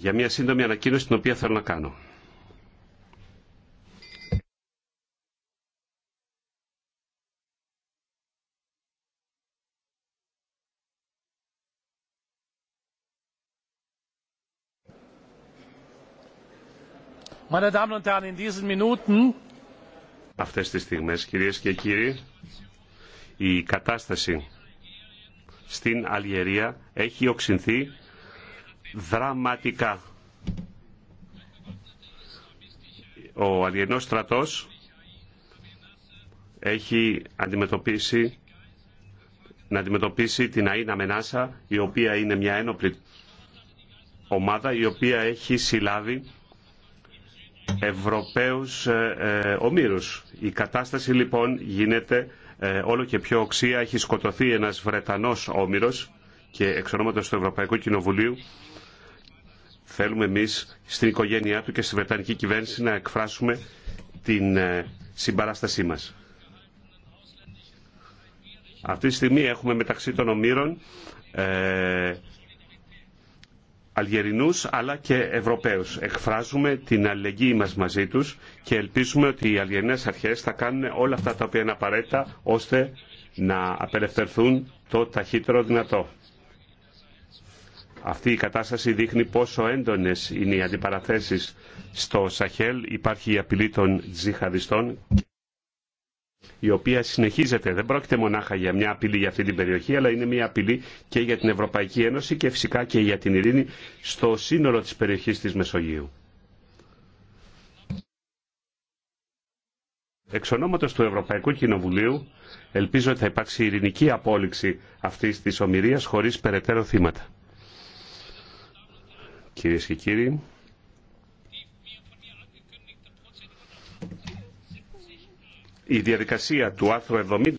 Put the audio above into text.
για μια σύντομη ανακοίνωση την οποία θέλω να κάνω. Meine Damen und Herren, in diesen Minuten... Αυτές τις στιγμές, κυρίες και κύριοι, η κατάσταση στην Αλγερία έχει οξυνθεί δραματικά. Ο Αλιενός στρατός έχει αντιμετωπίσει να αντιμετωπίσει την Αΐνα Μενάσα, η οποία είναι μια ένοπλη ομάδα, η οποία έχει συλλάβει Ευρωπαίους ε, ε ομήρους. Η κατάσταση λοιπόν γίνεται ε, όλο και πιο οξία. Έχει σκοτωθεί ένας Βρετανός όμηρος και εξ ονόματος του Ευρωπαϊκού Κοινοβουλίου θέλουμε εμείς στην οικογένειά του και στη Βρετανική κυβέρνηση να εκφράσουμε την ε, συμπαράστασή μας. Αυτή τη στιγμή έχουμε μεταξύ των ομήρων ε, Αλγερινούς αλλά και Ευρωπαίους. Εκφράζουμε την αλληλεγγύη μας μαζί τους και ελπίζουμε ότι οι Αλγερινές αρχές θα κάνουν όλα αυτά τα οποία είναι απαραίτητα ώστε να απελευθερθούν το ταχύτερο δυνατό. Αυτή η κατάσταση δείχνει πόσο έντονες είναι οι αντιπαραθέσεις στο Σαχέλ. Υπάρχει η απειλή των τζιχαδιστών η οποία συνεχίζεται. Δεν πρόκειται μονάχα για μια απειλή για αυτή την περιοχή, αλλά είναι μια απειλή και για την Ευρωπαϊκή Ένωση και φυσικά και για την ειρήνη στο σύνολο της περιοχής της Μεσογείου. Εξ του Ευρωπαϊκού Κοινοβουλίου, ελπίζω ότι θα υπάρξει ειρηνική απόλυξη αυτής της ομοιρίας χωρίς περαιτέρω θύματα. Κυρίε και κύριοι, η διαδικασία του άρθρου 70